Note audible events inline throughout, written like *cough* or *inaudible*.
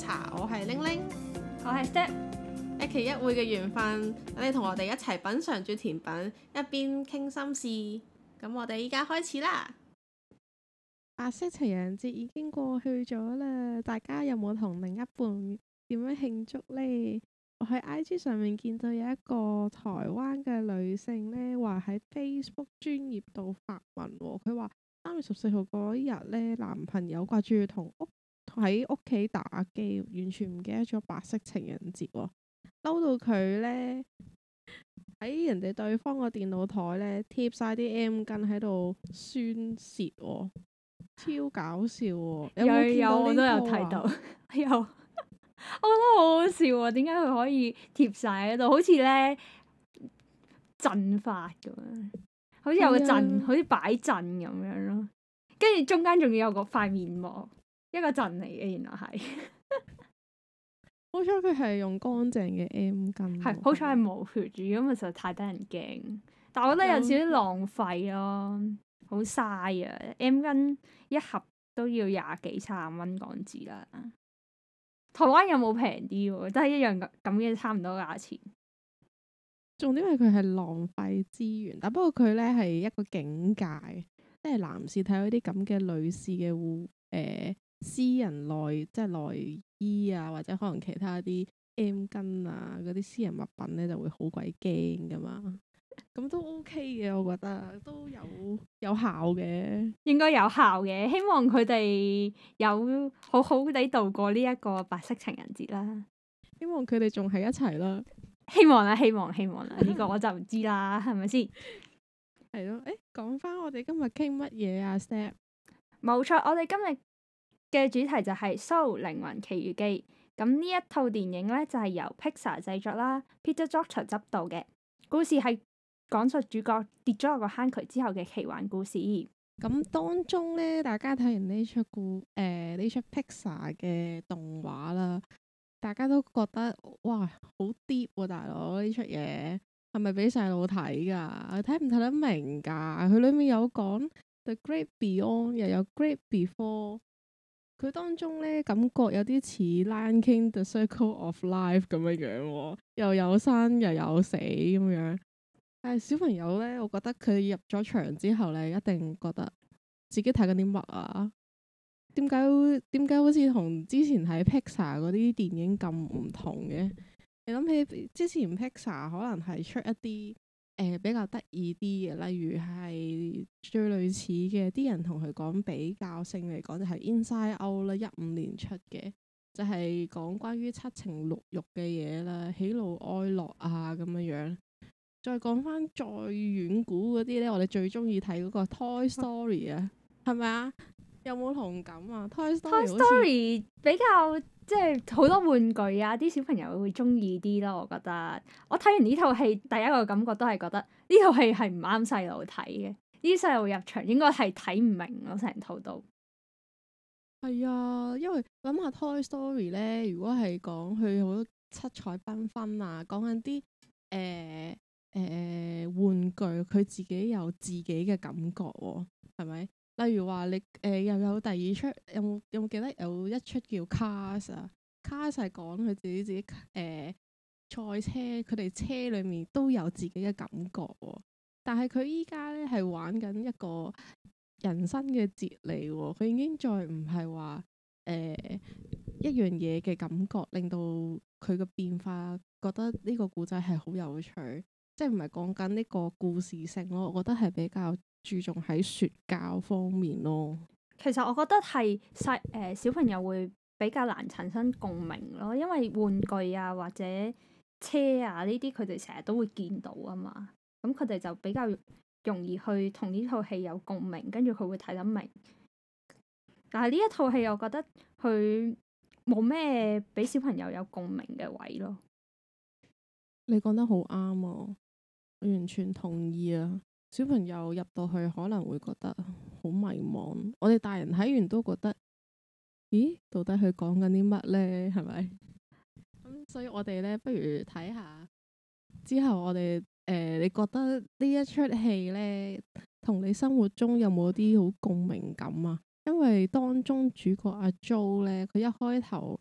茶，我係玲玲，我係是 Step，一期一會嘅緣分，等你同我哋一齊品嘗住甜品，一邊傾心事。咁我哋依家開始啦。白色情人節已經過去咗啦，大家有冇同另一半點樣慶祝呢？我喺 IG 上面見到有一個台灣嘅女性咧，話喺 Facebook 專頁度發文，佢話三月十四號嗰日咧，男朋友掛住同屋。喺屋企打機，完全唔記得咗白色情人節喎、哦，嬲到佢咧，喺人哋對方個電腦枱咧，貼晒啲 M 巾喺度宣泄、哦，超搞笑喎！有有，有、這個、我都有睇到， *laughs* 有， *laughs* 我覺得好好笑喎、啊！點解佢可以貼晒喺度？好似咧陣法咁樣，好似有個陣，好似擺陣咁樣咯，跟住中間仲要有個塊面膜。一個陣嚟嘅，原來係 *laughs* 好彩佢係用乾淨嘅 M 巾，係 *laughs* 好彩係冇血住，因為，實在太得人驚。但我覺得有少少浪費咯、啊，好嘥啊！M 巾 *laughs* M 一盒都要廿幾、卅蚊港紙啦。台灣有冇平啲喎？都、就、係、是、一樣咁嘅差唔多價錢。重點係佢係浪費資源，但不過佢咧係一個境界，即係男士睇到啲咁嘅女士嘅護誒。呃私人內即係內衣啊，或者可能其他啲 M 巾啊，嗰啲私人物品咧就會好鬼驚噶嘛。咁都 OK 嘅，我覺得都有有效嘅，應該有效嘅。希望佢哋有好好地度過呢一個白色情人節啦。希望佢哋仲喺一齊啦。希望啦，希望，希望啦。呢 *laughs* 個我就唔知啦，係咪先？係咯，誒、欸，講翻我哋今日傾乜嘢啊、Step? s t e p 冇錯，我哋今日。嘅主題就係、是《Soul 靈魂奇遇記》，咁呢一套電影咧，就係、是、由 Pixar 製作啦，Peter Docter 執導嘅，故事係講述主角跌咗落個坑渠之後嘅奇幻故事。咁當中咧，大家睇完呢出故誒呢、呃、出 Pixar 嘅動畫啦，大家都覺得哇好 deep、啊、大佬，呢出嘢係咪俾細路睇噶？睇唔睇得明噶？佢裏面有講 The Great Beyond，又有 Great Before。佢當中咧，感覺有啲似《Lion King》《The Circle of Life》咁樣樣喎、哦，又有生又有死咁樣。但係小朋友咧，我覺得佢入咗場之後咧，一定覺得自己睇緊啲乜啊？點解點解好似同之前喺 Pixar 嗰啲電影咁唔同嘅？你諗起之前 Pixar 可能係出一啲。誒、呃、比較得意啲嘅，例如係最類似嘅，啲人同佢講比較性嚟講就係、是、Inside Out 啦，一五年出嘅，就係、是、講關於七情六欲嘅嘢啦，喜怒哀樂啊咁樣樣。再講返再遠古嗰啲咧，我哋最中意睇嗰個 Toy Story 啊，係咪啊？有冇同感啊？Toy Story 比較。即係好多玩具啊！啲小朋友會中意啲咯，我覺得。我睇完呢套戲，第一個感覺都係覺得呢套戲係唔啱細路睇嘅。呢啲細路入場應該係睇唔明咯、啊，成套都。係啊，因為諗下 Toy Story 咧，如果係講佢好多七彩繽紛啊，講緊啲誒誒玩具，佢自己有自己嘅感覺喎、哦，係咪？例如話你誒又、呃、有，有第二出，有冇有冇記得有一出叫 Cars 啊？Cars 係講佢自己自己誒、呃、賽車，佢哋車裡面都有自己嘅感覺喎、哦。但係佢依家咧係玩緊一個人生嘅哲理、哦，佢已經再唔係話誒一樣嘢嘅感覺，令到佢嘅變化覺得呢個古仔係好有趣，即係唔係講緊呢個故事性咯、哦？我覺得係比較。注重喺說教方面咯，其實我覺得係細誒小朋友會比較難產生共鳴咯，因為玩具啊或者車啊呢啲佢哋成日都會見到啊嘛，咁佢哋就比較容易去同呢套戲有共鳴，跟住佢會睇得明。但係呢一套戲，我覺得佢冇咩俾小朋友有共鳴嘅位咯。你講得好啱啊，我完全同意啊。小朋友入到去可能會覺得好迷茫，我哋大人睇完都覺得，咦，到底佢講緊啲乜呢？係咪？咁、 *laughs* 嗯、所以我哋呢，不如睇下之後我哋誒、呃，你覺得呢一出戲呢，同你生活中有冇啲好共鳴感啊？因為當中主角阿 Joe 呢，佢一開頭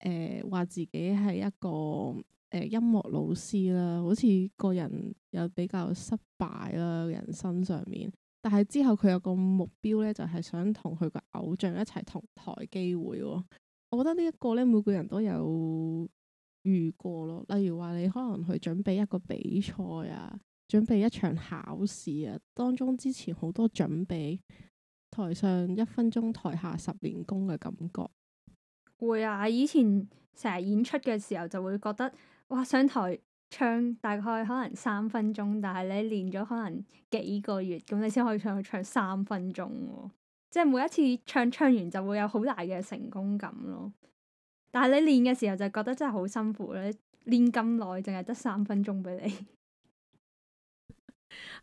誒話自己係一個。誒音樂老師啦，好似個人又比較失敗啦，人生上面。但係之後佢有個目標咧，就係想同佢個偶像一齊同台機會喎。我覺得呢一個咧，每個人都有遇過咯。例如話你可能去準備一個比賽啊，準備一場考試啊，當中之前好多準備，台上一分鐘，台下十年功嘅感覺。會啊，以前成日演出嘅時候就會覺得。哇！上台唱大概可能三分鐘，但係你練咗可能幾個月，咁你先可以上去唱三分鐘喎、哦。即係每一次唱唱完就會有好大嘅成功感咯。但係你練嘅時候就覺得真係好辛苦咧，你練咁耐，淨係得三分鐘俾你。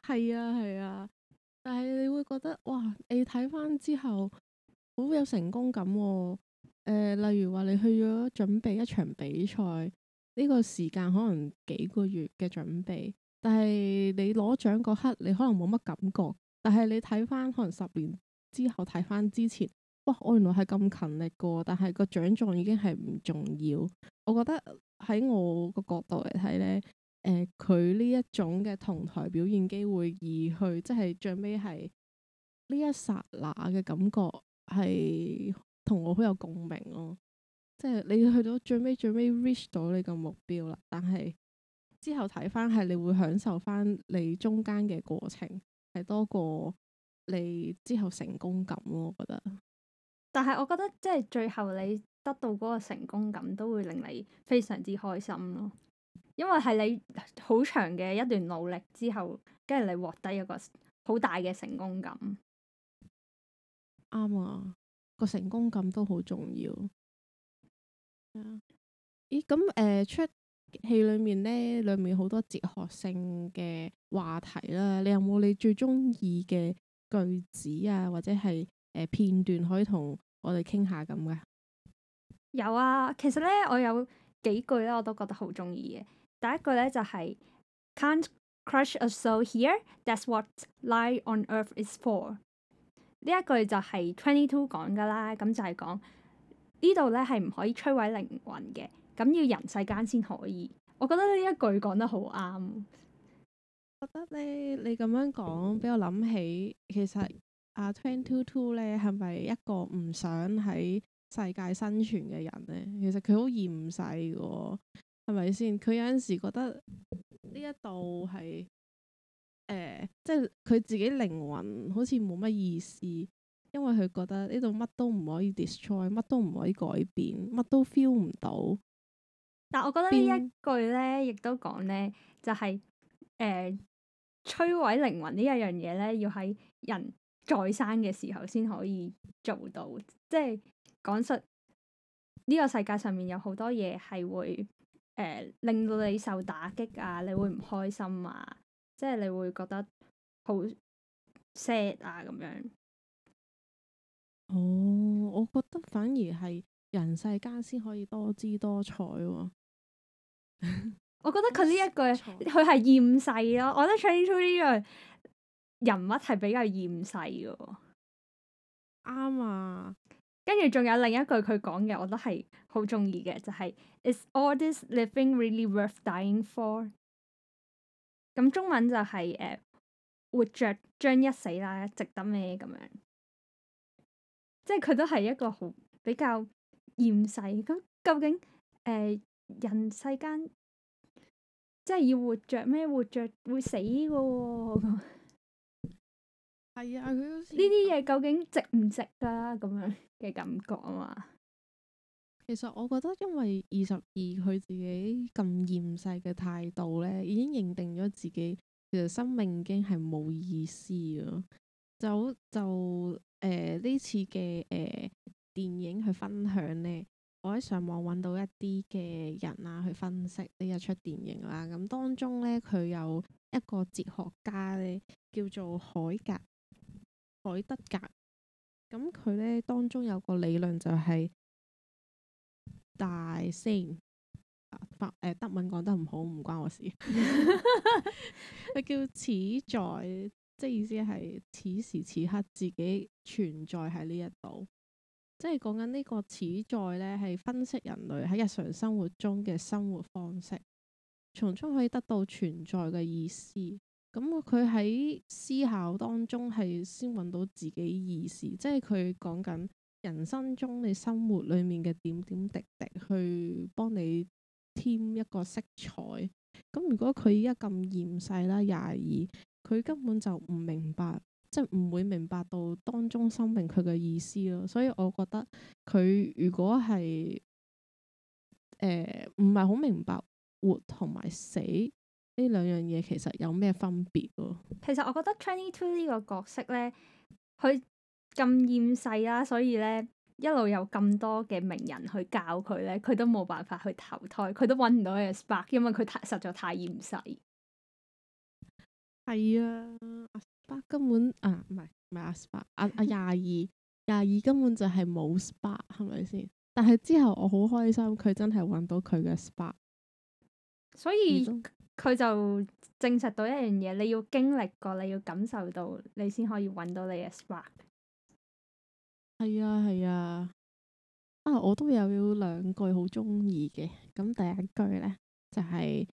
係 *laughs* 啊，係啊，但係你會覺得哇！你睇翻之後好有成功感、哦。誒、呃，例如話你去咗準備一場比賽。呢個時間可能幾個月嘅準備，但係你攞獎嗰刻，你可能冇乜感覺。但係你睇翻可能十年之後睇翻之前，哇！我原來係咁勤力㗎，但係個獎狀已經係唔重要。我覺得喺我個角度嚟睇咧，誒、呃，佢呢一種嘅同台表現機會，而去即係最尾係呢一剎那嘅感覺，係同我好有共鳴咯、哦。即係你去到最尾最尾 reach 到你個目標啦，但係之後睇翻，係你會享受翻你中間嘅過程，係多過你之後成功感咯，我覺得。但係我覺得即係最後你得到嗰個成功感，都會令你非常之開心咯，因為係你好長嘅一段努力之後，跟住你獲得一個好大嘅成功感。啱啊，個成功感都好重要。咦，咁誒、欸呃，出戲裏面咧，裏面好多哲學性嘅話題啦。你有冇你最中意嘅句子啊，或者係誒、呃、片段可以同我哋傾下咁嘅？有啊，其實咧，我有幾句咧，我都覺得好中意嘅。第一句咧就係、是、Can’t crush a soul here, that’s what life on Earth is for。呢一句就係 Twenty Two 講噶啦，咁就係講。呢度咧係唔可以摧毀靈魂嘅，咁要人世間先可以。我覺得呢一句講得好啱。覺得你你咁樣講，俾我諗起其實阿 Twenty Two 咧係咪一個唔想喺世界生存嘅人咧？其實佢好厭世喎，係咪先？佢有陣時覺得呢一度係誒，即係佢自己靈魂好似冇乜意思。因為佢覺得呢度乜都唔可以 destroy，乜都唔可以改變，乜都 feel 唔到。但我覺得呢一句呢，亦叮 都講呢，就係誒摧毀靈魂呢一樣嘢呢，要喺人再生嘅時候先可以做到。即係講實，呢個世界上面有好多嘢係會誒令到你受打擊啊，你會唔開心啊，即係你會覺得好 sad 啊咁樣。哦，oh, 我覺得反而係人世間先可以多姿多彩、喎。 *laughs* 我覺得佢呢一句佢係厭世咯。我覺得22呢樣人物係比較厭世嘅，啱、嗯、啊。跟住仲有另一句佢講嘅，我都係好中意嘅，就係、是、Is all this living really worth dying for？咁中文就係、是、誒，uh, 活着將一死啦，值得咩咁樣？即係佢都係一個好比較厭世咁，究竟誒、呃、人世間即係要活着咩？活着會死嘅喎、哦，係 *laughs* 啊！佢好似呢啲嘢究竟值唔值噶、啊？咁 *laughs* 樣嘅感覺啊嘛。其實我覺得，因為二十二佢自己咁厭世嘅態度咧，已經認定咗自己其實生命已經係冇意思咯，就就。誒，呢、呃、次嘅誒、呃、電影去分享呢，我喺上網揾到一啲嘅人啊去分析呢一齣電影啦。咁、嗯、當中呢，佢有一個哲學家呢，叫做海格、海德格。咁、嗯、佢呢，當中有個理論就係大聲誒、啊呃、德文講得唔好唔關我事，佢 *laughs* *laughs* *laughs* 叫此在。即係意思係，此時此刻自己存在喺呢一度，即係講緊呢個此在咧，係分析人類喺日常生活中嘅生活方式，從中可以得到存在嘅意思。咁佢喺思考當中係先揾到自己意思，即係佢講緊人生中你生活裏面嘅點點滴滴，去幫你添一個色彩。咁、嗯、如果佢依家咁厭世啦，廿二。佢根本就唔明白，即係唔會明白到當中生命佢嘅意思咯。所以我覺得佢如果係誒唔係好明白活同埋死呢兩樣嘢，其實有咩分別咯？其實我覺得 Twenty Two 呢個角色咧，佢咁厭世啦、啊，所以咧一路有咁多嘅名人去教佢咧，佢都冇辦法去投胎，佢都搵唔到佢嘅 spark，因為佢太實在太厭世。係啊，阿 spar 根本啊，唔係唔係阿 spar，阿廿二廿二根本就係冇 spar，係咪先？但係之後我好開心，佢真係搵到佢嘅 spar，所以佢就證實到一樣嘢，你要經歷過，你要感受到，你先可以搵到你嘅 spar。係啊係啊，啊我都有兩句好中意嘅，咁第一句呢，就係，是。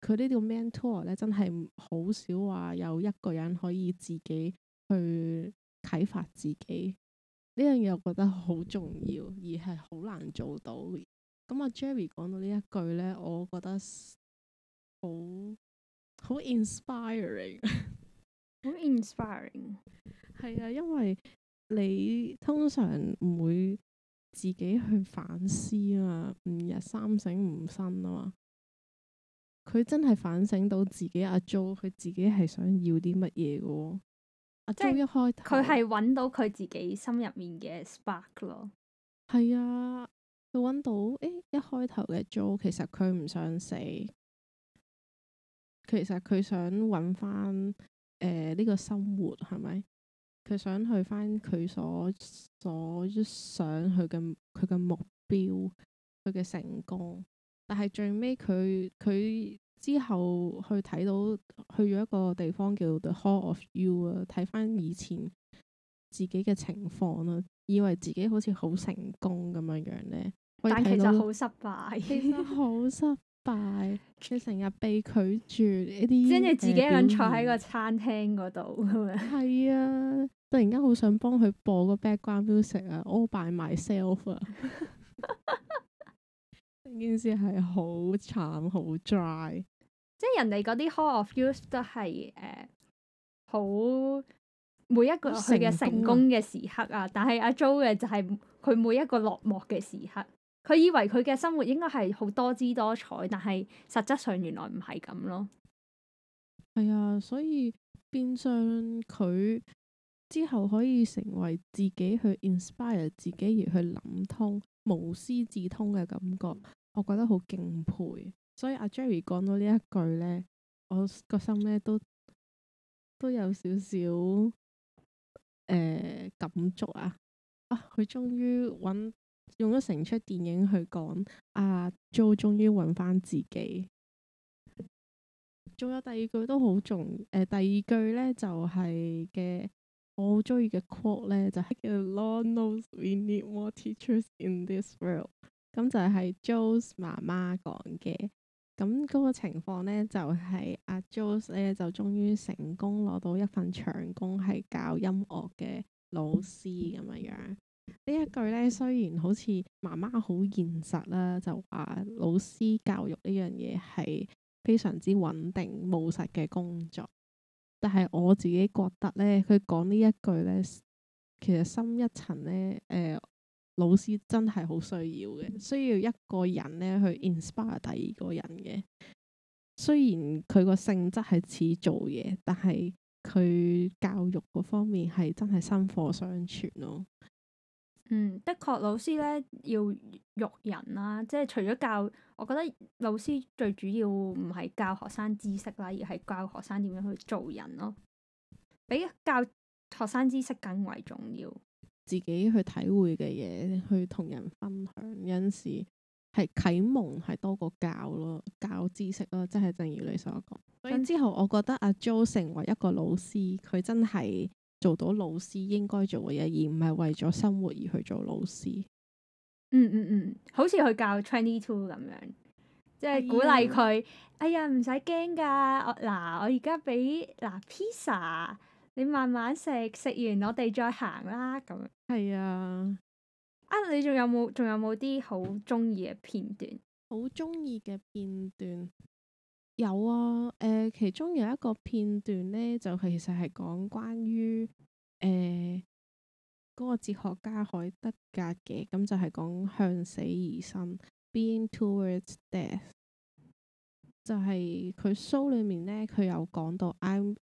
佢呢度 mentor 咧，真係好少話有一個人可以自己去啟發自己，呢樣嘢我覺得好重要，而係好難做到。咁阿 Jerry 講到呢一句咧，我覺得好好 inspiring，好 inspiring。係啊， *laughs* 因為你通常唔會自己去反思啊嘛，吾日三省吾身啊嘛。佢真係反省到自己阿 Joe，佢自己係想要啲乜嘢嘅喎。阿 Joe 是一開頭，佢係揾到佢自己心入面嘅 spark 咯。係啊，佢揾到，誒、欸、一開頭嘅 Joe 其實佢唔想死，其實佢想揾翻誒呢個生活係咪？佢想去翻佢所所想佢嘅佢嘅目標，佢嘅成功。但係最尾佢，佢之後去睇到，去咗一個地方叫做 The Hall of You 啊，睇翻以前自己嘅情況咯，啊，以為自己好似好成功咁樣樣咧，但其實好失敗，好失敗，佢成日被拒絕一啲，即係自己，呃嗯、一個人坐喺個餐廳嗰度咁樣，係 *laughs* 啊，突然間好想幫佢播個 background music 啊，All by myself 啊。 *laughs* 件事係好慘，好 dry，即係人哋嗰啲 Hall of Fame 都係誒好每一個佢嘅成功嘅時刻啊。但係阿、啊、Joe 嘅就係佢每一個落寞嘅時刻。佢以為佢嘅生活應該係好多姿多彩，但係實質上原來唔係咁咯。係啊，所以變相佢之後可以成為自己去 inspire 自己而去諗通無師自通嘅感覺。我覺得好敬佩，所以阿 Jerry 講到呢一句呢，我個心咧都都有少少誒感觸啊！佢、啊、終於揾用咗成出電影去講，阿、啊、Jo 終於揾翻自己。仲有第二句都好重要，誒、呃，第二句呢，就係、是、嘅我好中意嘅 quote 呢，就係叫做：「e、like、Lord knows we need more teachers in this world。咁就係 Joe 媽媽講嘅，咁嗰個情況呢，就係阿 Joe 呢就終於成功攞到一份長工，係教音樂嘅老師咁樣樣。呢一句呢，雖然好似媽媽好現實啦，就話老師教育呢樣嘢係非常之穩定務實嘅工作，但係我自己覺得呢，佢講呢一句呢，其實深一層呢。誒、呃。老師真係好需要嘅，需要一個人咧去 inspire 第二個人嘅。雖然佢個性質係似做嘢，但係佢教育嗰方面係真係薪火相傳咯。嗯，的確老師咧要育人啦，即係除咗教，我覺得老師最主要唔係教學生知識啦，而係教學生點樣去做人咯，比教學生知識更為重要。自己去體會嘅嘢，去同人分享有陣時係啟蒙，係多過教咯，教知識咯，即係正如你所講。咁、嗯、之後，我覺得阿 Joe 成為一個老師，佢真係做到老師應該做嘅嘢，而唔係為咗生活而去做老師。嗯嗯嗯，好似佢教 Twenty Two 咁樣，即係鼓勵佢。哎呀，唔使驚㗎，我嗱我而家俾嗱 pizza。你慢慢食，食完我哋再行啦，咁樣。係啊，啊，你仲有冇？仲有冇啲好中意嘅片段？好中意嘅片段有啊，誒、呃，其中有一個片段呢，就其實係講關於誒嗰個哲學家海德格嘅，咁就係講向死而生 （being towards death）。就係佢書裏面呢，佢有講到，I'm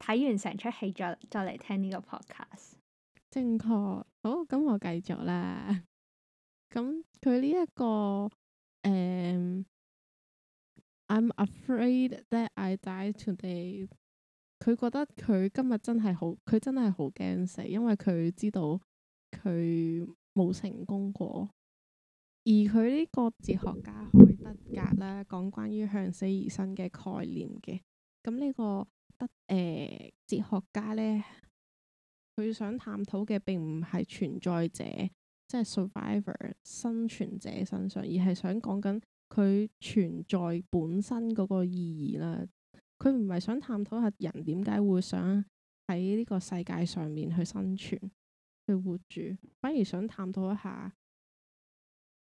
睇完成出戲再再嚟聽呢個 podcast，正確。好，咁我繼續啦。咁佢呢一個誒，嗯，I'm afraid that I die today。佢覺得佢今日真係好，佢真係好驚死，因為佢知道佢冇成功過。而佢呢個哲學家海德格啦，講關於向死而生嘅概念嘅。咁呢、這個。嗯，哲學家呢，佢想探討嘅並唔係存在者，即係 survivor 生存者身上，而係想講緊佢存在本身嗰個意義啦。佢唔係想探討下人點解會想喺呢個世界上面去生存，去活住，反而想探討一下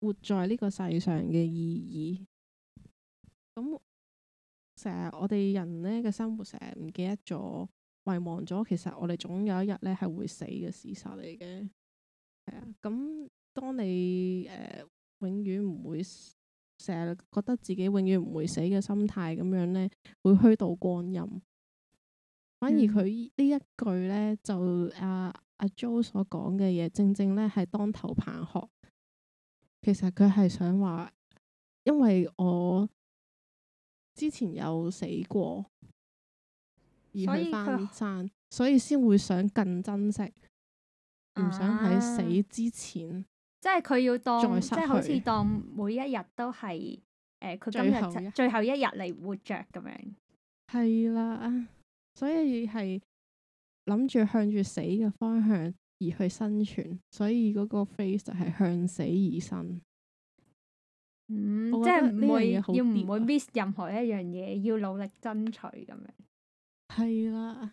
活在呢個世上嘅意義。咁。成日我哋人呢嘅生活，成日唔記得咗、遺忘咗，其實我哋總有一日呢係會死嘅事實嚟嘅。咁、嗯嗯、當你、呃、永遠唔會成日覺得自己永遠唔會死嘅心態咁樣呢，會虛度光陰。反而佢呢一句呢，就阿阿 Jo 所講嘅嘢，正正呢係當頭棒喝。其實佢係想話，因為我。之前有死過，而去翻山，所以先會想更珍惜，唔想喺死之前，啊，即係佢要當，即係好似當每一日都係，誒、呃，佢今日最後一日嚟活着咁樣，係啦，所以係諗住向住死嘅方向而去生存，所以嗰個 phrase 就係向死而生。嗯、即係唔會，要唔會 miss 任何一樣嘢，嗯、要努力爭取咁樣。係啦，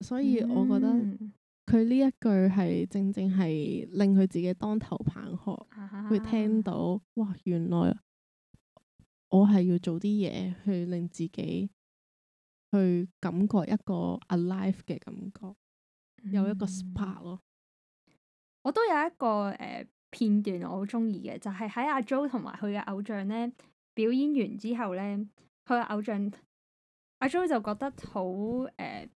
所以我覺得佢呢一句係正正係令佢自己當頭棒喝，會、嗯、聽到、啊、哇，原來我係要做啲嘢去令自己去感覺一個 alive 嘅感覺，有一個 spark 咯。我都有一個誒。呃片段我好中意嘅，就係喺阿 Joe 同埋佢嘅偶像咧表演完之後咧，佢嘅偶像阿 Joe 就覺得好誒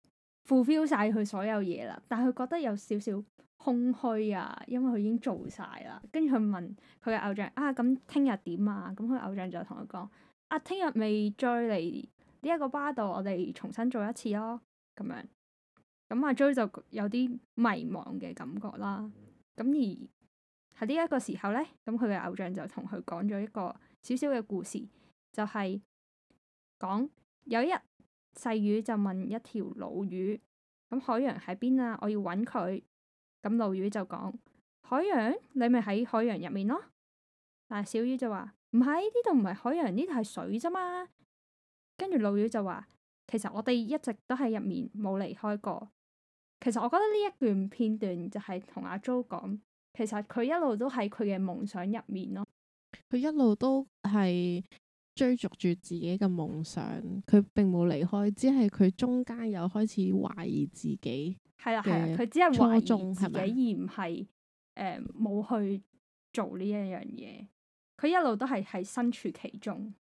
fulfil 晒佢所有嘢啦，但係佢覺得有少少空虛啊，因為佢已經做晒啦，跟住佢問佢嘅偶像啊，咁聽日點啊？咁佢、啊、偶像就同佢講啊，聽日咪再嚟呢一個巴度，我哋重新做一次咯，咁樣。咁阿 Joe 就有啲迷茫嘅感覺啦，咁而。喺呢一個時候呢，咁佢嘅偶像就同佢講咗一個小小嘅故事，就係講有一日細魚就問一條老魚，咁海洋喺邊啊？我要揾佢。咁老魚就講：海洋，你咪喺海洋入面咯。但係小魚就話：唔係，呢度唔係海洋，呢度係水啫嘛。跟住老魚就話：其實我哋一直都喺入面，冇離開過。其實我覺得呢一段片段就係同阿 Joe 講。其實佢一路都喺佢嘅夢想入面咯，佢一路都係追逐住自己嘅夢想，佢並冇離開，只係佢中間有開始懷疑自己，係啦係啦，佢、啊、只係懷疑自己而，而唔係誒冇去做呢一樣嘢，佢一路都係喺身處其中。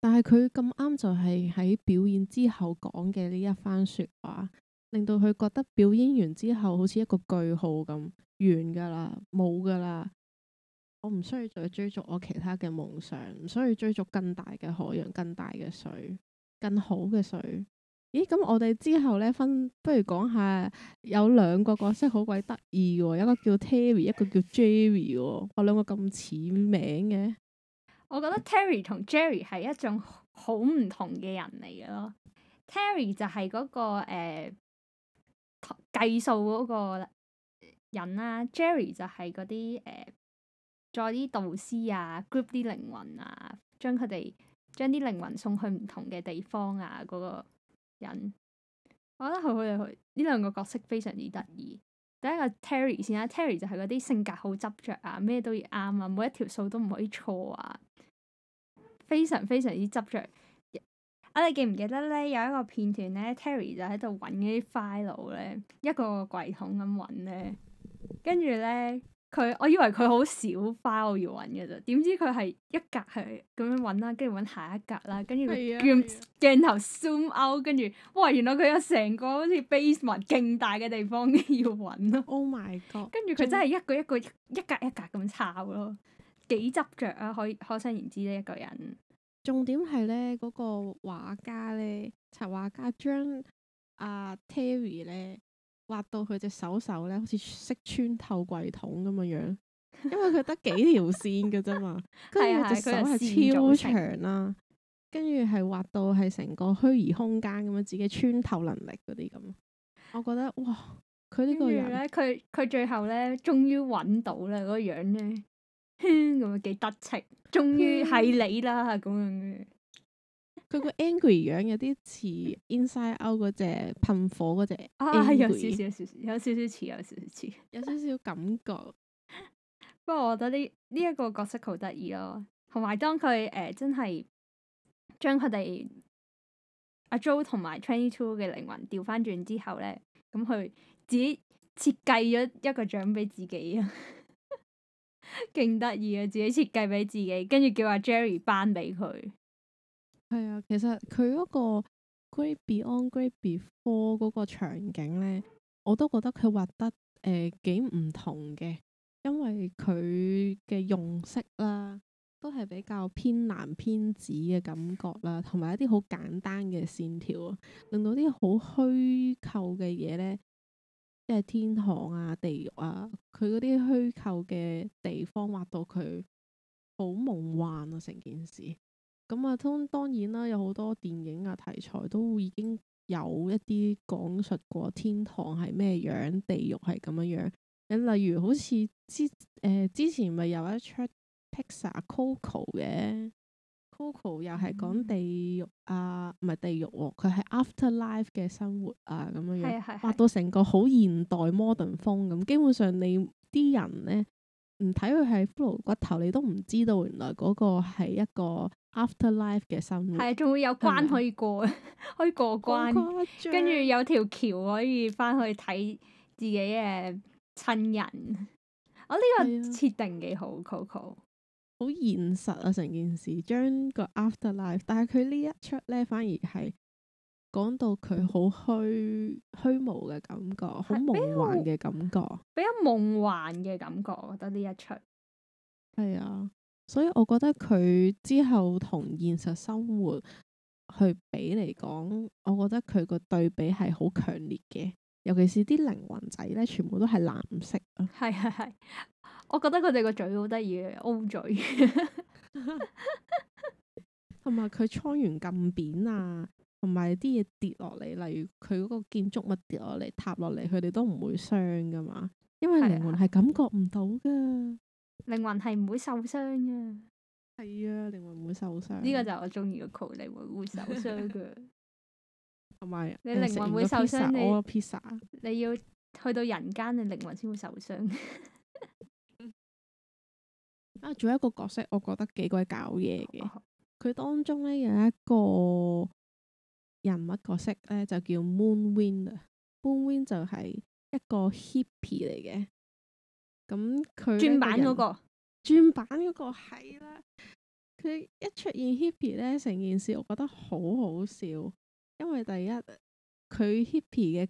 但係佢咁啱就係喺表演之後講嘅呢一番說話。令到佢覺得表演完之後，好似一個句號咁完噶啦，冇噶啦，我唔需要再追逐我其他嘅夢想，唔需要追逐更大嘅海洋、更大嘅水、更好嘅水。咦？咁我哋之後咧分，不如講下有兩個角色好鬼得意嘅，一個叫 Terry，一個叫 Jerry。我兩個咁似名嘅，我覺得 Terry 同 Jerry 係一種好唔同嘅人嚟嘅咯。Terry 就係嗰、那個誒。呃計數嗰個人啦、啊、，Jerry 就係嗰啲誒，再、呃、啲導師啊，group 啲靈魂啊，將佢哋將啲靈魂送去唔同嘅地方啊，嗰、嗰個人，我覺得佢好好去，呢兩個角色非常之得意。第一個 Terry 先啦、啊、，Terry 就係嗰啲性格好執着啊，咩都要啱啊，每一條數都唔可以錯啊，非常非常之執着。你哋、啊、記唔記得咧？有一個片段咧，Terry 就喺度揾嗰啲 file 咧，一個個櫃桶咁揾咧。跟住咧，佢我以為佢好少 file 要揾嘅咋，點知佢係一格係咁樣揾啦，跟住揾下一格啦，跟住佢鏡鏡頭 zoom out，跟住哇，原來佢有成個好似 basement 勁大嘅地方要揾咯。Oh my god！跟住佢真係一個一個，so 一個一個一格一格咁抄咯，幾執著啊！可以可想而知咧，一個人。重點係咧，嗰、那個畫家咧，插畫家將阿、啊、Terry 咧畫到佢隻手手咧，好似識穿透櫃桶咁嘅樣，因為佢得幾條線嘅啫嘛，跟住佢隻手係超長啦，跟住係畫到係成個虛擬空間咁樣，自己穿透能力嗰啲咁，我覺得哇，佢呢個人咧，佢佢最後咧，終於揾到啦，嗰、那個樣咧，哼咁啊幾得戚。終於係你啦，咁、嗯、樣。佢個 angry 樣有啲似 Inside Out 嗰隻噴火嗰隻，隻啊、 有少少少少，有少少似，有少少似，有， *laughs* 有少少感覺。 *laughs* 不過我覺得呢呢一個角色好得意咯，同埋當佢誒、呃、真係將佢哋阿 Joe 同埋 twenty two 嘅靈魂調翻轉之後咧，咁佢自己設計咗一個獎俾自己啊！ *laughs* 勁得意啊！自己設計俾自己，跟住叫阿 Jerry 頒俾佢。係啊，其實佢嗰個《Gravy on Gravy》four 嗰個場景咧，我都覺得佢畫得誒、呃、幾唔同嘅，因為佢嘅用色啦，都係比較偏藍偏紫嘅感覺啦，同埋一啲好簡單嘅線條，令到啲好虛構嘅嘢咧。即係天堂啊、地獄啊，佢嗰啲虛構嘅地方畫到佢好夢幻啊，成件事。咁啊，通當然啦，有好多電影啊題材都已經有一啲講述過天堂係咩樣、地獄係咁樣。你例如好似之誒之前咪、呃、有一出 Pixar Coco 嘅。Coco 又係講地獄啊，唔係、嗯啊、地獄喎、啊，佢係 afterlife 嘅生活啊，咁樣樣畫、啊啊啊、到成個好現代 modern 風咁。基本上你啲人咧，唔睇佢係骷髏骨頭，你都唔知道原來嗰個係一個 afterlife 嘅生活。係、啊，仲會有關可以過，啊、 *laughs* 可以過關，過跟住有條橋可以翻去睇自己嘅親人。我 *laughs* 呢、啊呢個設定幾好，Coco。好現實啊！成件事將個 afterlife，但係佢呢一出呢，反而係講到佢好虛虛無嘅感覺，好是夢幻嘅感覺，比較夢幻嘅感覺。我覺得呢一出係啊，所以我覺得佢之後同現實生活去比嚟講，我覺得佢個對比係好強烈嘅，尤其是啲靈魂仔呢，全部都係藍色啊！係係係。我覺得佢哋個嘴好得意、嘅、O 嘴，同埋佢蒼蠅咁扁啊，同埋啲嘢跌落嚟，例如佢嗰個建築物跌落嚟，塌落嚟，佢哋都唔會傷噶嘛，因為靈魂係感覺唔到噶，靈、啊、魂係唔會受傷噶，係啊，靈魂唔會受傷，呢個就係我中意嘅橋。靈 *laughs* 有魂會受傷噶，同埋你靈魂會受傷，你你要去到人間，你靈魂先會受傷。 *laughs* 啊，仲有一個角色，我覺得幾鬼搞嘢嘅。佢當中咧有一個人物角色咧，就叫 Moonwind。Moonwind 就係一個 hippy 嚟嘅。咁佢轉版嗰、那個，轉版嗰個係啦。佢一出現 hippy 咧，成件事我覺得好好笑。因為第一，佢 hippy 嘅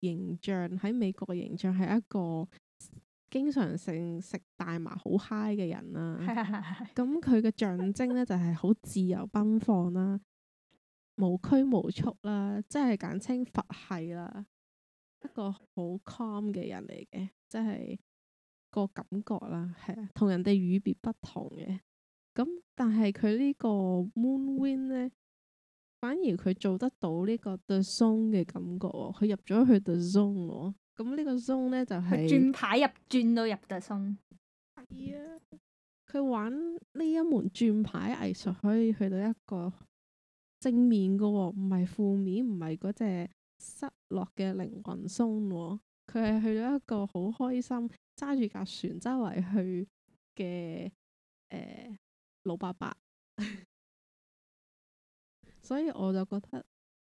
形象喺美國嘅形象係一個。經常性食大麻好嗨嘅人啦，咁佢嘅象徵呢，就係好自由奔放啦， *laughs* 無拘無束啦，即係簡稱佛系啦， *laughs* 一個好 calm 嘅人嚟嘅，即係個感覺啦，係同人哋與別不同嘅，咁但係佢呢個 moon wind 呢，反而佢做得到呢個 the zone 嘅感覺喎，佢入咗去 the zone 咯。咁呢個松呢，就係、是、轉牌入轉到入嘅松，係啊、哎呀，佢玩呢一門轉牌藝術，可以去到一個正面嘅、哦，唔係負面，唔係嗰隻失落嘅靈魂松、哦，佢係去到一個好開心，揸住架船周圍去嘅誒、呃、老伯伯， *laughs* 所以我就覺得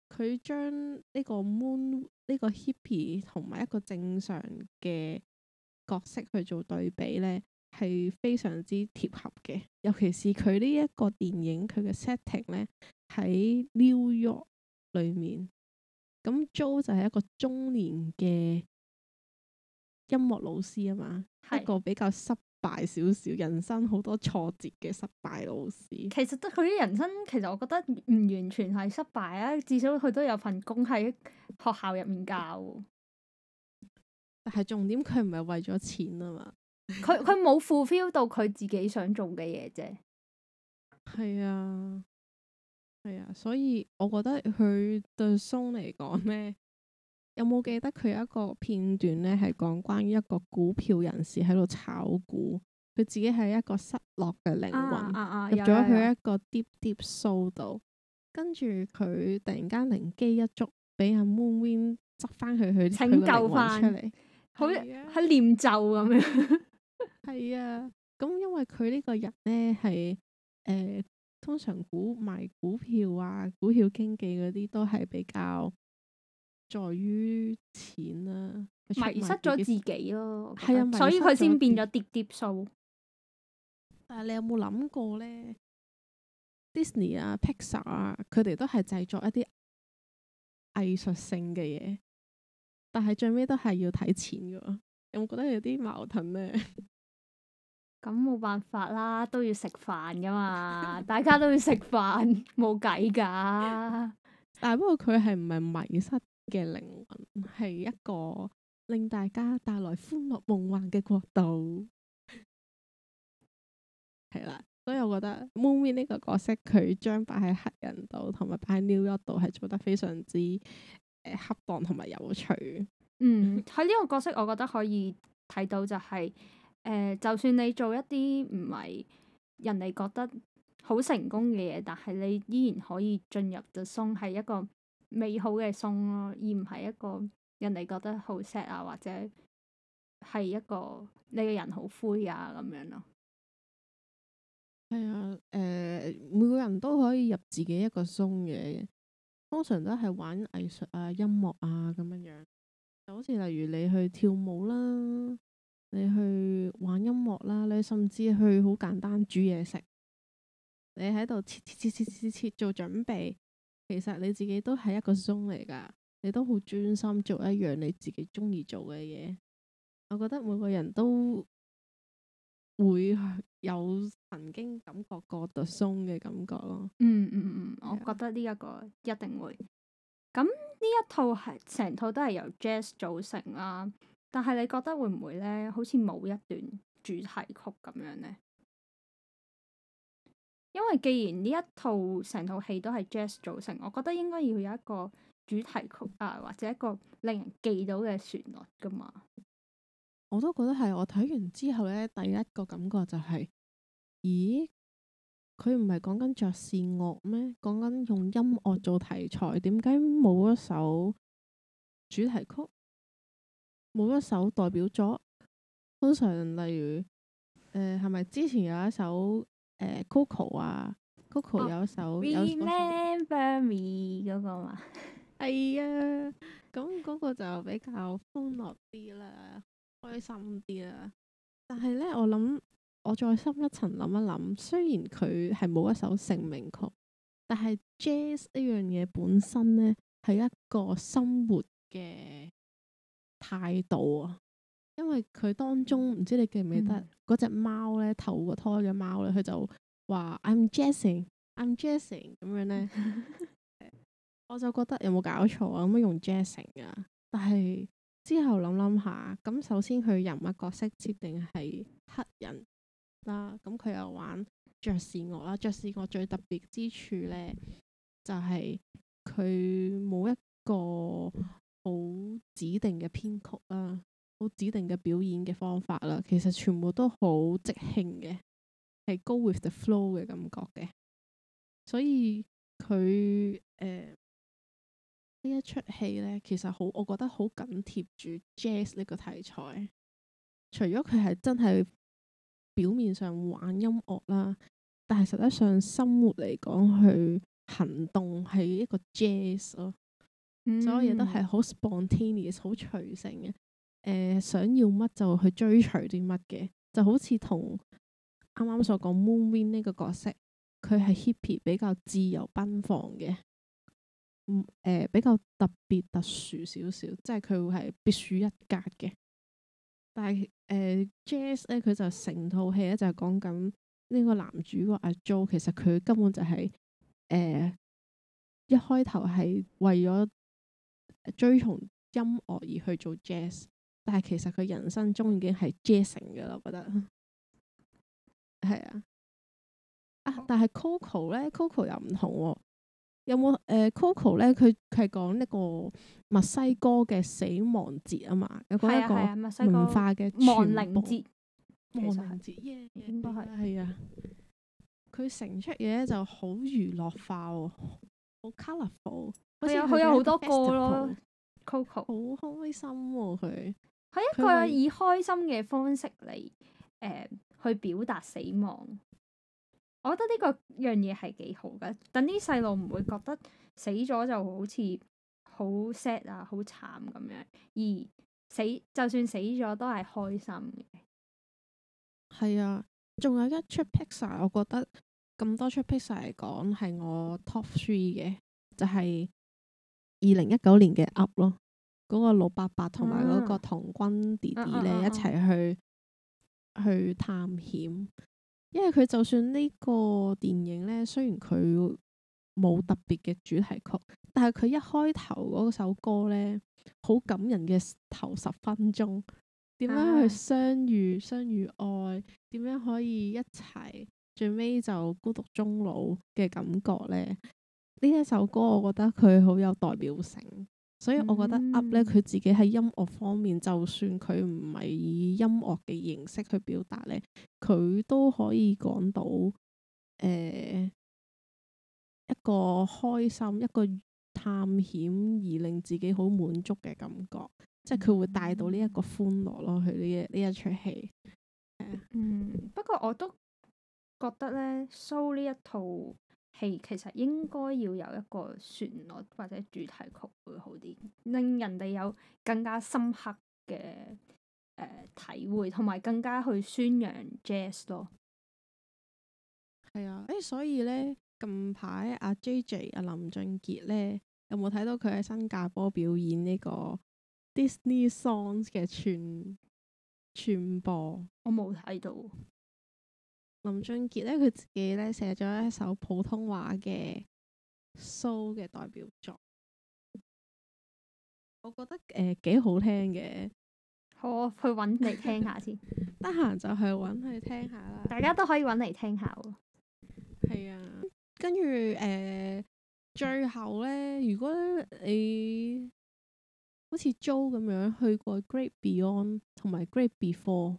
佢將呢個 moon。呢個 hippy 同埋一個正常嘅角色去做對比呢，係非常之貼合嘅。尤其是佢呢一個電影，佢嘅 setting 呢喺 New York 裏面，咁 Joe 就係一個中年嘅音樂老師啊嘛，是一個比較失敗少少、人生好多挫折嘅失敗老師。其實都，都佢啲人生其實我覺得唔完全係失敗啊，至少佢都有份工係，學校入面教，但係重點，佢唔係為咗錢啊嘛，佢佢冇 fulfill 到佢自己想做嘅嘢啫，係 *laughs* 啊係啊，啊，所以我覺得佢對松嚟講咧，有冇記得佢有一個片段呢？係講關於一個股票人士喺度炒股，佢自己係一個失落嘅靈魂，啊啊啊入咗去一個跌跌數度，跟住佢突然間靈機一觸。俾阿 Moonwin 執翻佢佢拯救翻佢個靈魂出嚟，啊、好似喺念咒咁樣。係 *laughs* 啊，咁因為佢呢個人咧係誒，通常股賣股票啊、股票經紀嗰啲都係比較在於錢啊，迷失咗自己咯。係啊，所以佢先變咗碟碟數。但，你有冇諗過咧？Disney 啊、Pixar 啊，佢哋都係製作一啲。藝術性嘅嘢，但係最尾都係要睇錢噶，有冇覺得有啲矛盾咧？咁冇辦法啦，都要食飯噶嘛， *laughs* 大家都要食飯，冇計噶。 *laughs* 但係不過佢係唔係迷失嘅靈魂，係一個令大家帶來歡樂夢幻嘅國度，係 *laughs* 啦。所以我覺得 Moomin 呢、這個角色佢將擺喺黑人度同埋擺喺 New York 度係做得非常之誒、呃、恰當同埋有趣。嗯，喺呢個角色我覺得可以睇到就係、是、誒、呃，就算你做一啲唔係人哋覺得好成功嘅嘢，但係你依然可以進入到鬆係一個美好嘅鬆咯，而唔係一個人哋覺得好 sad 啊，或者係一個你個人好灰啊咁樣咯。係啊，誒、呃，每個人都可以入自己一個 Zone 嘅，通常都係玩藝術啊、音樂啊咁樣樣，就好似例如你去跳舞啦，你去玩音樂啦，你甚至去好簡單煮嘢食，你喺度切切切切切切做準備，其實你自己都係一個 Zone 嚟㗎，你都好專心做一樣你自己中意做嘅嘢，我覺得每個人都。會有曾經感覺覺得鬆嘅感覺咯、嗯。嗯嗯嗯，我覺得呢一個一定會。咁呢一套係成套都係由 jazz 組成啦，但係你覺得會唔會呢，好似冇一段主題曲咁樣呢？因為既然呢一套成套戲都係 jazz 組成，我覺得應該要有一個主題曲啊，或者一個令人記到嘅旋律噶嘛。我都覺得係，我睇完之後呢，第一個感覺就係、是，咦？佢唔係講緊爵士樂咩？講緊用音樂做題材，點解冇一首主題曲？冇一首代表咗？通常例如，誒係咪之前有一首、呃、Coco 啊？Coco、哦、有一首 Remember 一首 Me 嗰個嘛？哎呀，咁嗰個就比較歡樂啲啦。開心啲啦，但係咧，我諗我再深一層諗一諗，雖然佢係冇一首成名曲，但係 jazz 呢樣嘢本身咧係一個生活嘅態度啊，因為佢當中唔知你記唔記得嗰隻貓咧投個胎嘅貓咧，佢、嗯、就話 I'm jazzing I'm jazzing 咁樣咧， *laughs* *laughs* 我就覺得有冇搞錯啊，咁用 jazzing 啊，但係。之後諗諗下，咁首先佢人物角色設定係黑人啦，咁佢又玩爵士樂啦。爵士樂最特別之處呢，就係佢冇一個好指定嘅編曲啦，好指定嘅表演嘅方法啦。其實全部都好即興嘅，係 Go with the flow 嘅感覺嘅，所以佢誒。呃呢一出戲呢，其實好，我覺得好緊貼住 jazz 呢個題材。除咗佢係真係表面上玩音樂啦，但係實質上生活嚟講，去行動係一個 jazz 咯，嗯。所有嘢都係好 spontaneous，好隨性嘅。誒、呃，想要乜就去追隨啲乜嘅，就好似同啱啱所講 Moonwind 呢個角色，佢係 hippie 比較自由奔放嘅。呃、比較特別特殊少少，即係佢會係別樹一格嘅。但係 jazz 咧，佢、呃、就成套戲咧就係講緊呢個男主角阿、啊、Joe，其實佢根本就係、是、誒、呃、一開頭係為咗追從音樂而去做 jazz，但係其實佢人生中已經係 jazzing 㗎啦，我覺得。係啊，啊，但係 Coco 咧，Coco 又唔同、啊。有冇誒、呃、Coco 咧？佢佢係講一個墨西哥嘅死亡節啊嘛，有嗰個文化嘅、啊啊、亡靈節，亡靈節 yeah, yeah, yeah, yeah. 應該係係啊。佢成出嘢就好娛樂化喎，好 colourful Coco。係啊，佢有好多歌咯。Coco 好開心喎，佢係一個以開心嘅方式嚟誒、呃、去表達死亡。我覺得呢個樣嘢係幾好噶，等啲細路唔會覺得死咗就好似好 sad 啊，好慘咁樣，而死就算死咗都係開心嘅。係啊，仲有一出 Pixar，我覺得咁多出 Pixar 嚟講，係我 top three 嘅，就係二零一九年嘅 Up 咯，嗰個老伯伯同埋嗰個童軍弟弟咧、啊啊啊啊、一齊去去探險。因為佢就算呢個電影呢，雖然佢冇特別嘅主題曲，但係佢一開頭嗰首歌呢，好感人嘅頭十分鐘，點樣去相遇、相遇愛，點樣可以一齊，最尾就孤獨終老嘅感覺呢？呢一首歌，我覺得佢好有代表性。所以我覺得 Up 咧，佢自己喺音樂方面，嗯、就算佢唔係以音樂嘅形式去表達咧，佢都可以講到誒、呃、一個開心、一個探險而令自己好滿足嘅感覺，嗯、即係佢會帶到呢一個歡樂咯。佢呢一呢、嗯、一出戲、呃嗯，不過我都覺得咧，收呢一套。係，hey，其實應該要有一個旋律或者主題曲會好啲，令人哋有更加深刻嘅誒、呃、體會，同埋更加去宣揚 jazz 咯。係啊，誒，所以咧近排阿 JJ 阿林俊傑咧，有冇睇到佢喺新加坡表演呢個 Disney Songs 嘅傳傳播？我冇睇到。林俊傑咧，佢自己咧寫咗一首普通話嘅 Soul 嘅代表作，我覺得誒、呃、幾好聽嘅，好去搵嚟聽下先。得閒 *laughs* 就去搵去聽下啦。大家都可以搵嚟聽下。係啊，跟住誒、呃，最後咧，如果你好似 Joe 咁樣去過 Great Beyond 同埋 Great Before。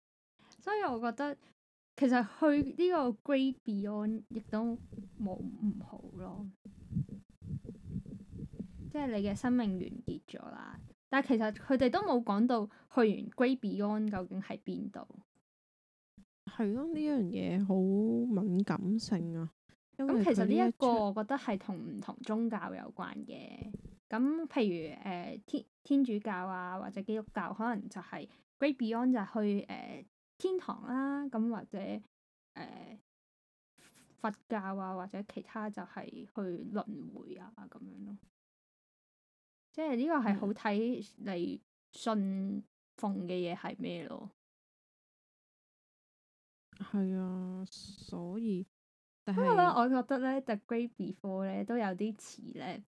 所以我覺得其實去呢個 Great Beyond 亦都冇唔好咯，即係你嘅生命完結咗啦。但係其實佢哋都冇講到去完 Great Beyond 究竟喺邊度。係咯，呢樣嘢好敏感性啊！咁其實呢一個我覺得係同唔同宗教有關嘅。咁譬如誒、呃、天、天主教啊，或者基督教，可能就係 Great Beyond 就去誒。呃天堂啦、啊，咁或者、呃、佛教啊，或者其他就係去輪迴啊咁樣咯。即係呢、這個係好睇你信奉嘅嘢係咩咯？係啊，所以不過咧，我覺得咧，The Great Before 咧都有啲似咧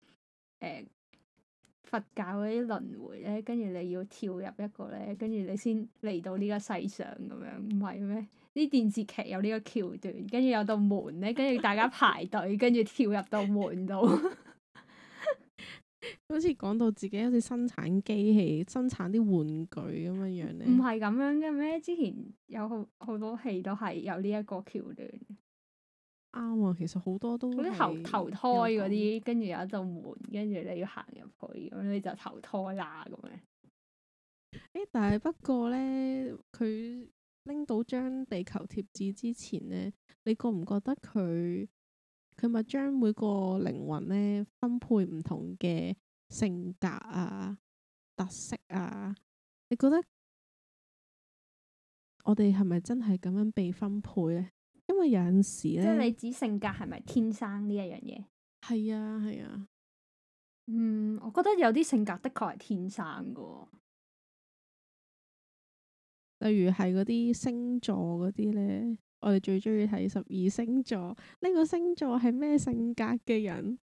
佛教嗰啲輪迴咧，跟住你要跳入一個咧，跟住你先嚟到呢個世上咁樣，唔係咩？啲電視劇有呢個橋段，跟住有道門咧，跟住大家排隊，跟住 *laughs* 跳入到門度。好似講到自己好似生產機器，生產啲玩具咁樣樣咧。唔係咁樣嘅咩？之前有好好多戲都係有呢一個橋段。啱啊，其實好多都嗰啲投胎嗰啲，胎跟住有一道門，跟住你要行入去，咁你就投胎啦咁樣。欸、但係不過呢，佢拎到張地球貼紙之前呢，你覺唔覺得佢佢咪將每個靈魂呢，分配唔同嘅性格啊、特色啊？你覺得我哋係咪真係咁樣被分配呢？因為有陣時咧，即係你指性格係咪天生呢一樣嘢？係啊，係啊。嗯，我覺得有啲性格的確係天生噶、哦。例如係嗰啲星座嗰啲咧，我哋最中意睇十二星座，呢、呢個星座係咩性格嘅人？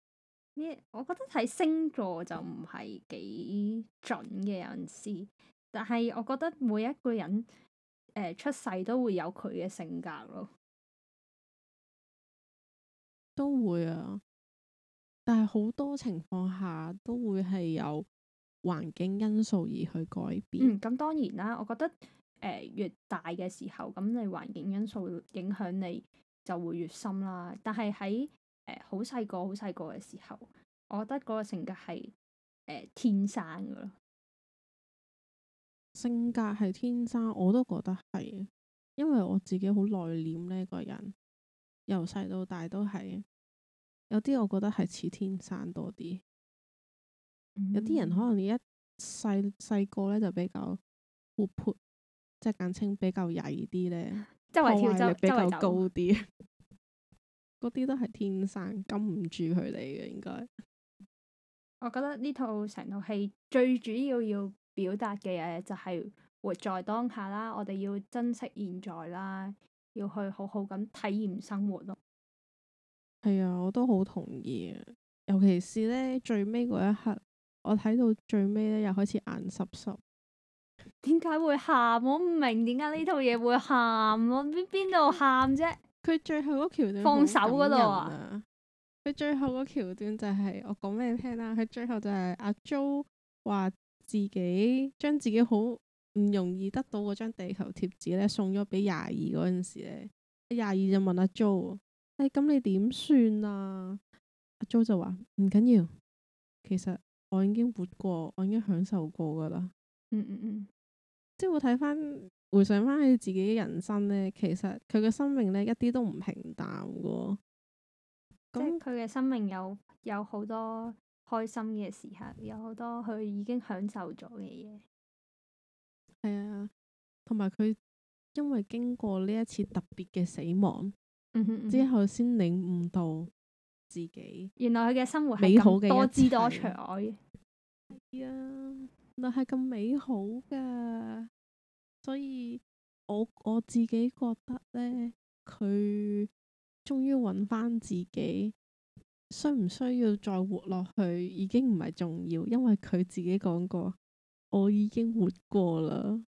呢，yeah, 我覺得睇星座就唔係幾準嘅，有陣時。但係我覺得每一個人誒、呃、出世都會有佢嘅性格咯。都會啊，但係好多情況下都會係有環境因素而去改變。嗯，咁當然啦，我覺得誒、呃、越大嘅時候，咁你環境因素影響你就會越深啦。但係喺誒好細個、好細個嘅時候，我覺得嗰個性格係誒、呃、天生噶咯。性格係天生，我都覺得係，因為我自己好內斂呢個人。由細到大都係，有啲我覺得係似天生多啲，嗯、有啲人可能一細細個咧就比較活潑，即係簡稱比較曳啲呢，咧，破壞力比較高啲，嗰啲、啊、 *laughs* 都係天生禁唔住佢哋嘅應該。我覺得呢套成套戲最主要要表達嘅嘢就係活在當下啦，我哋要珍惜現在啦。要去好好咁體驗生活咯。係啊，我都好同意啊。尤其是咧最尾嗰一刻，我睇到最尾咧又開始眼濕濕。點解會喊？我唔明點解、啊、呢套嘢會喊咯？邊邊度喊啫？佢最後嗰橋段、啊、放手嗰度啊！佢最後嗰橋段就係、是、我講俾你聽啦。佢最後就係阿 Jo 話自己將自己好。唔容易得到嗰張地球貼紙咧，送咗俾廿二嗰陣時咧，廿二就問阿、啊、Jo：，誒、哎，咁你點算啊？阿 Jo 就話：唔緊要，其實我已經活過，我已經享受過噶啦。嗯嗯嗯，即係我睇翻回，回想翻起自己人生呢，其實佢嘅生命呢，一啲都唔平淡噶。即係佢嘅生命有有好多開心嘅時刻，有好多佢已經享受咗嘅嘢。係啊，同埋佢因為經過呢一次特別嘅死亡，嗯哼嗯哼，之後，先領悟到自己原來佢嘅生活係咁多姿多彩。係啊，原來係咁美好噶。所以我我自己覺得呢，佢終於揾翻自己，需唔需要再活落去已經唔係重要，因為佢自己講過。我已經活過啦，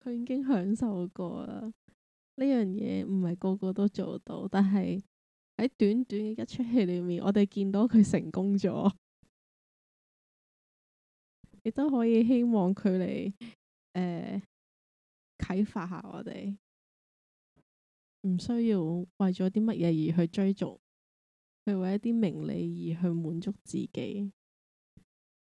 佢已經享受過啦。呢樣嘢唔係個個都做到，但係喺短短嘅一出戲裏面，我哋見到佢成功咗，亦 *laughs* 都可以希望佢嚟，誒，啟發下我哋，唔需要為咗啲乜嘢，而去追逐，去為一啲名利而去滿足自己。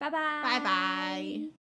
拜拜！拜拜！